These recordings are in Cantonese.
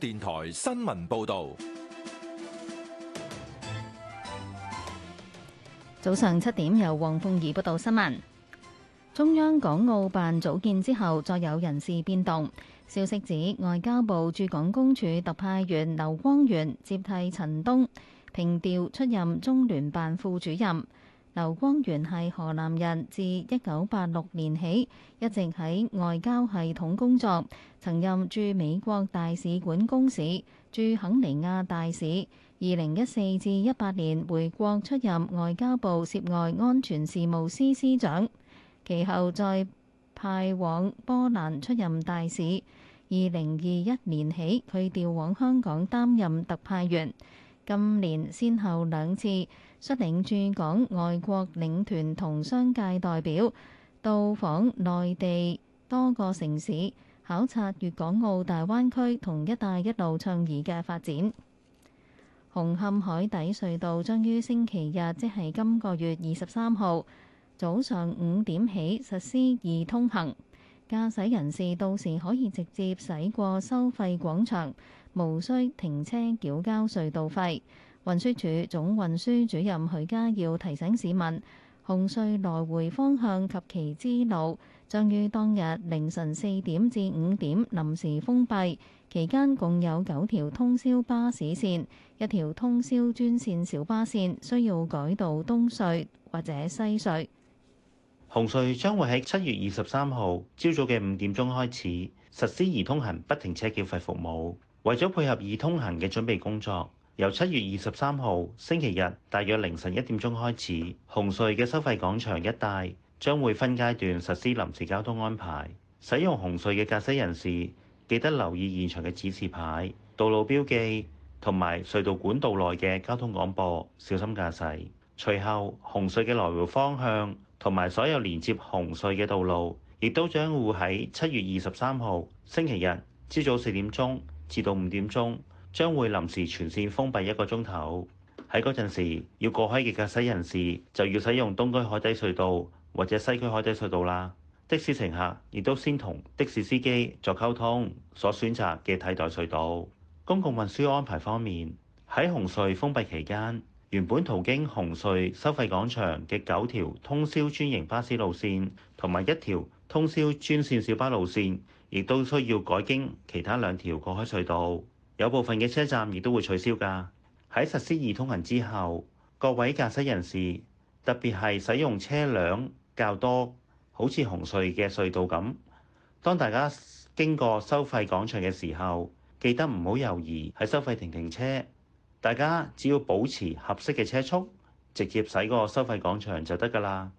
電台新聞報道：早上七點，由黃鳳儀報道新聞。中央港澳辦組建之後，再有人事變動。消息指，外交部駐港公署特派員劉光源接替陳東，平調出任中聯辦副主任。劉光源係河南人，自一九八六年起一直喺外交系統工作，曾任駐美國大使館公使、駐肯尼亞大使。二零一四至一八年回國出任外交部涉外安全事務司司長，其後再派往波蘭出任大使。二零二一年起，佢調往香港擔任特派員，今年先後兩次，率領駐港外國領團同商界代表到訪內地多個城市，考察粵港澳大灣區同「一帶一路」倡議嘅發展。紅磡海底隧道將於星期日，即係今個月二十三號早上五點起實施易通行，駕駛人士到時可以直接駛過收費廣場，無需停車繳交隧道費。運輸署總運輸主任許家耀提醒市民，紅隧來回方向及其支路將於當日凌晨四點至五點臨時封閉，期間共有九條通宵巴士線、一條通宵專線小巴線需要改道東隧或者西隧。紅隧將會喺七月二十三號朝早嘅五點鐘開始實施易通行不停車繳費服務，為咗配合易通行嘅準備工作。由七月二十三號星期日大約凌晨一點鐘開始，紅隧嘅收費廣場一帶將會分階段實施臨時交通安排。使用紅隧嘅駕駛人士記得留意現場嘅指示牌、道路標記同埋隧道管道內嘅交通廣播，小心駕駛。隨後，紅隧嘅來回方向同埋所有連接紅隧嘅道路，亦都將會喺七月二十三號星期日朝早四點鐘至到五點鐘，將會臨時全線封閉一個鐘頭。喺嗰陣時，要過海嘅駕駛人士就要使用東區海底隧道或者西區海底隧道啦。的士乘客亦都先同的士司機作溝通，所選擇嘅替代隧道。公共運輸安排方面，喺紅隧封閉期間，原本途經紅隧收費廣場嘅九條通宵專營巴士路線同埋一條通宵專線小巴路線，亦都需要改經其他兩條過海隧道。有部分嘅車站亦都會取消噶。喺實施易通行之後，各位駕駛人士，特別係使用車輛較多，好似紅隧嘅隧道咁，當大家經過收費廣場嘅時候，記得唔好猶豫喺收費亭停，停車。大家只要保持合適嘅車速，直接駛過收費廣場就得噶啦。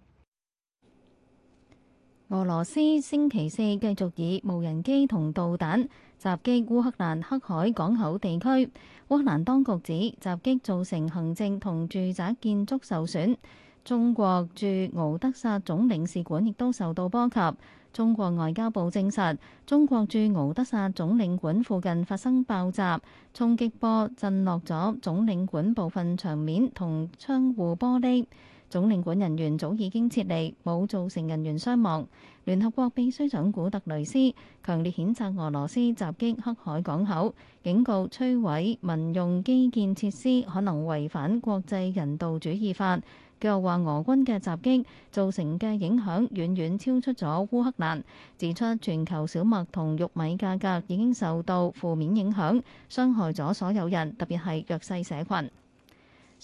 俄羅斯星期四繼續以無人機同導彈。襲擊烏克蘭黑海港口地區，烏克蘭當局指襲擊造成行政同住宅建築受損。中國駐敖德薩總領事館亦都受到波及。中國外交部證實，中國駐敖德薩總領館附近發生爆炸，衝擊波震落咗總領館部分牆面同窗戶玻璃。總領館人員早已經撤離，冇造成人員傷亡。聯合國秘書長古特雷斯強烈譴責俄羅斯襲擊黑海港口，警告摧毀民用基建設施可能違反國際人道主義法。佢又話俄軍嘅襲擊造成嘅影響遠遠超出咗烏克蘭，指出全球小麥同玉米價格已經受到負面影響，傷害咗所有人，特別係弱勢社群。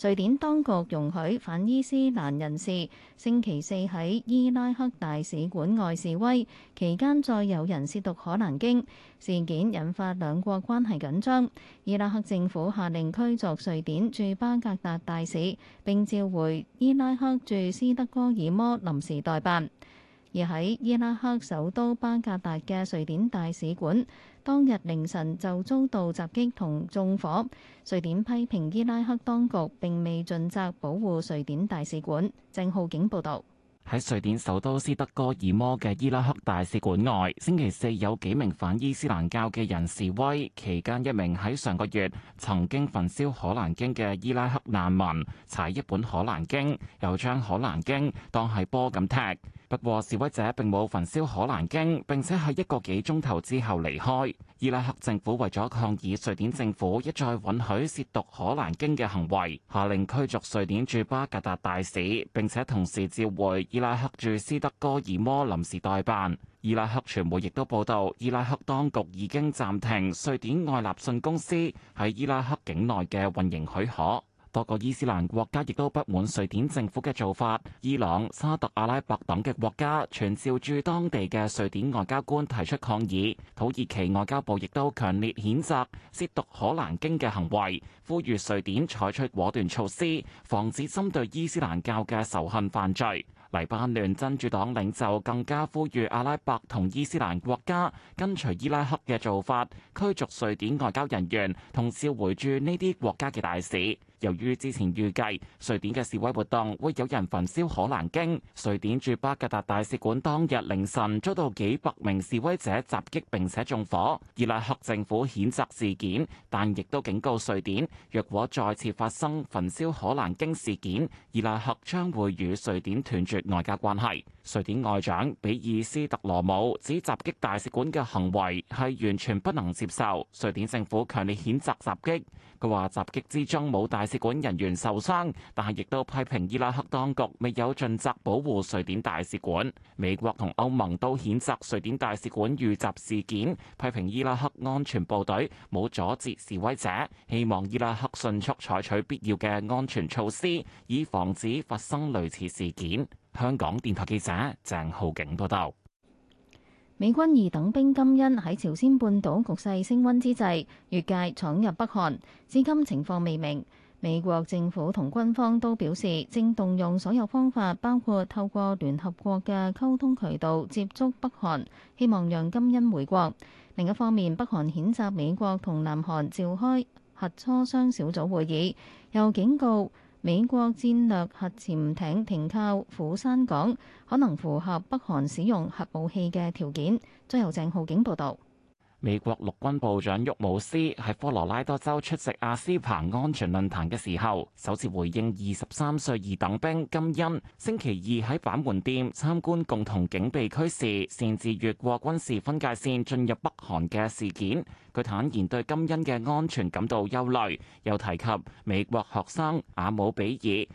瑞典當局容許反伊斯蘭人士星期四喺伊拉克大使館外示威，期間再有人褻瀆可蘭經，事件引發兩國關係緊張。伊拉克政府下令驅逐瑞典駐巴格達大使，並召回伊拉克駐斯德哥爾摩臨時代辦。而喺伊拉克首都巴格達嘅瑞典大使館，當日凌晨就遭到襲擊同縱火，瑞典批評伊拉克當局並未盡責保護瑞典大使館。鄭浩景報道，喺瑞典首都斯德哥爾摩嘅伊拉克大使館外，星期四有幾名反伊斯蘭教嘅人示威，期間一名喺上個月曾經焚燒可蘭經嘅伊拉克難民踩一本可蘭經，又將可蘭經當係波咁踢。不過，示威者並冇焚燒可蘭經，並且喺一個幾鐘頭之後離開。伊拉克政府為咗抗議瑞典政府一再允許褻瀆可蘭經嘅行為，下令驅逐瑞典駐巴格達大使，並且同時召回伊拉克駐斯德哥爾摩臨時代辦。伊拉克傳媒亦都報道，伊拉克當局已經暫停瑞典愛立信公司喺伊拉克境內嘅運營許可。多個伊斯蘭國家亦都不滿瑞典政府嘅做法，伊朗、沙特阿拉伯等嘅國家傳召駐當地嘅瑞典外交官提出抗議。土耳其外交部亦都強烈譴責褻瀆可蘭經嘅行為，呼籲瑞典採取果斷措施，防止針對伊斯蘭教嘅仇恨犯罪。黎巴嫩真主黨領袖更加呼籲阿拉伯同伊斯蘭國家跟隨伊拉克嘅做法，驅逐瑞典外交人員同召回駐呢啲國家嘅大使。由於之前預計瑞典嘅示威活動會有人焚燒可蘭經，瑞典駐巴格達大使館當日凌晨遭到幾百名示威者襲擊並且縱火。伊拉克政府譴責事件，但亦都警告瑞典，若果再次發生焚燒可蘭經事件，伊拉克將會與瑞典斷絕外交關係。瑞典外長比爾斯特羅姆指襲擊大使館嘅行為係完全不能接受，瑞典政府強烈譴責襲擊。佢話襲擊之中冇大使館人員受傷，但係亦都批評伊拉克當局未有盡責保護瑞典大使館。美國同歐盟都譴責瑞典大使館遇襲事件，批評伊拉克安全部隊冇阻止示威者，希望伊拉克迅速採取必要嘅安全措施，以防止發生類似事件。香港電台記者鄭浩景報道。美軍二等兵金恩喺朝鮮半島局勢升溫之際，越界闖入北韓，至今情況未明。美國政府同軍方都表示，正動用所有方法，包括透過聯合國嘅溝通渠道接觸北韓，希望讓金恩回國。另一方面，北韓譴責美國同南韓召開核磋商小組會議，又警告。美國戰略核潛艇停靠釜山港，可能符合北韓使用核武器嘅條件。再由鄭浩景報道。美國陸軍部長沃姆斯喺科羅拉多州出席亞斯彭安全論壇嘅時候，首次回應二十三歲二等兵金恩星期二喺板門店參觀共同警備區時擅自越過軍事分界線進入北韓嘅事件。佢坦言對金恩嘅安全感到憂慮，又提及美國學生阿姆比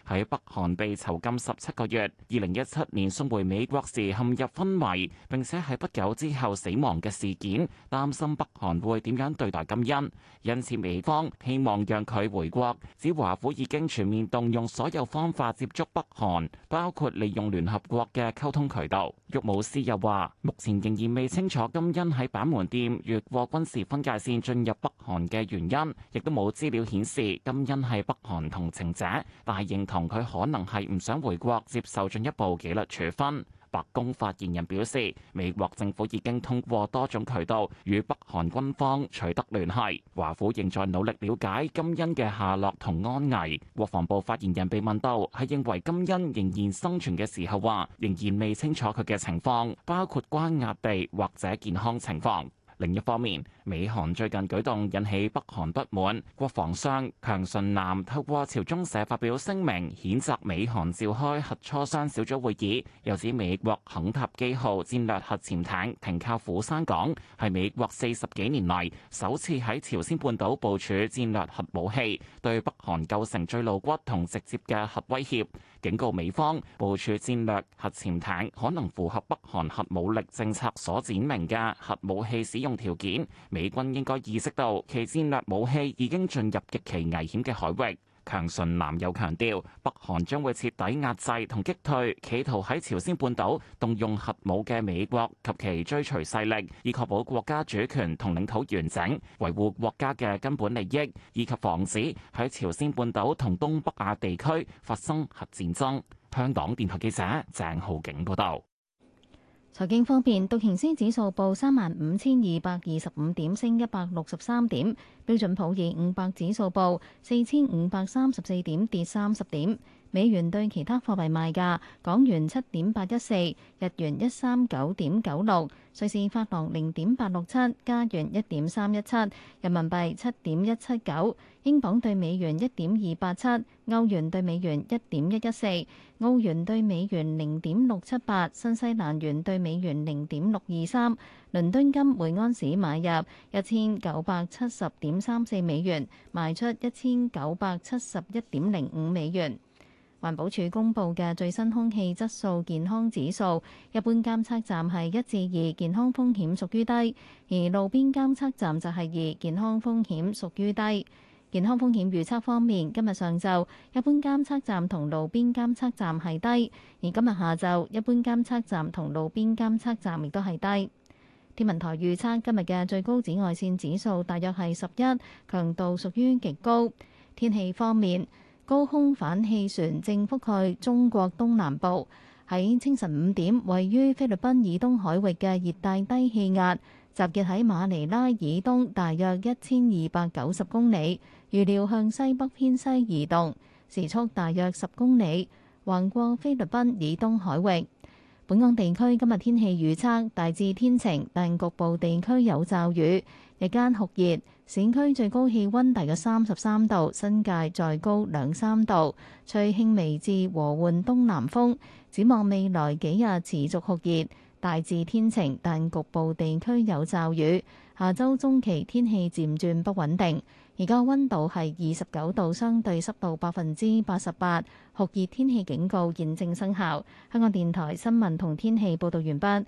爾喺北韓被囚禁十七個月，二零一七年送回美國時陷入昏迷，並且喺不久之後死亡嘅事件擔心北韓會點樣對待金恩？因此美方希望讓佢回國。指華府已經全面動用所有方法接觸北韓，包括利用聯合國嘅溝通渠道。沃武斯又話：目前仍然未清楚金恩喺板門店越過軍事分界線進入北韓嘅原因，亦都冇資料顯示金恩係北韓同情者，但係認同佢可能係唔想回國接受進一步紀律處分。白宮發言人表示，美國政府已經通過多種渠道與北韓軍方取得聯繫。華府仍在努力了解金恩嘅下落同安危。國防部發言人被問到係認為金恩仍然生存嘅時候，話仍然未清楚佢嘅情況，包括關押地或者健康情況。另一方面，美韓最近舉動引起北韓不滿，國防相強順南透過朝中社發表聲明，譴責美韓召開核磋商小組會議，又指美國肯塔基號戰略核潛艇停靠釜山港，係美國四十幾年嚟首次喺朝鮮半島部署戰略核武器，對北韓構成最露骨同直接嘅核威脅，警告美方部署戰略核潛艇可能符合北韓核武力政策所展明嘅核武器使用條件。美軍應該意識到其戰略武器已經進入極其危險嘅海域。強順南又強調，北韓將會徹底壓制同擊退，企圖喺朝鮮半島動用核武嘅美國及其追隨勢力，以確保國家主權同領土完整，維護國家嘅根本利益，以及防止喺朝鮮半島同東北亞地區發生核戰爭。香港電台記者鄭浩景報道。財經方面，道瓊斯指數報三萬五千二百二十五點，升一百六十三點；標準普爾五百指數報四千五百三十四點，跌三十點。美元對其他貨幣賣價：港元七點八一四，日元一三九點九六，瑞士法郎零點八六七，加元一點三一七，人民幣七點一七九，英鎊對美元一點二八七，歐元對美元一點一一四，澳元對美元零點六七八，新西蘭元對美元零點六二三。倫敦金每安士買入一千九百七十點三四美元，賣出一千九百七十一點零五美元。環保署公布嘅最新空氣質素健康指數，一般監測站係一至二，健康風險屬於低；而路邊監測站就係二，健康風險屬於低。健康風險預測方面，今日上晝一般監測站同路邊監測站係低，而今日下晝一般監測站同路邊監測站亦都係低。天文台預測今日嘅最高紫外線指數大約係十一，強度屬於極高。天氣方面。高空反氣旋正覆蓋中國東南部。喺清晨五點，位於菲律賓以東海域嘅熱帶低氣壓集結喺馬尼拉以東大約一千二百九十公里，預料向西北偏西移動，時速大約十公里，橫過菲律賓以東海域。本港地區今日天氣預測大致天晴，但局部地區有驟雨，日間酷熱。市區最高氣溫大約三十三度，新界再高兩三度。吹輕微至和緩東南風。展望未來幾日持續酷熱，大致天晴，但局部地區有驟雨。下周中期天氣漸轉不穩定。而家溫度係二十九度，相對濕度百分之八十八。酷熱天氣警告現正生效。香港電台新聞同天氣報導完畢。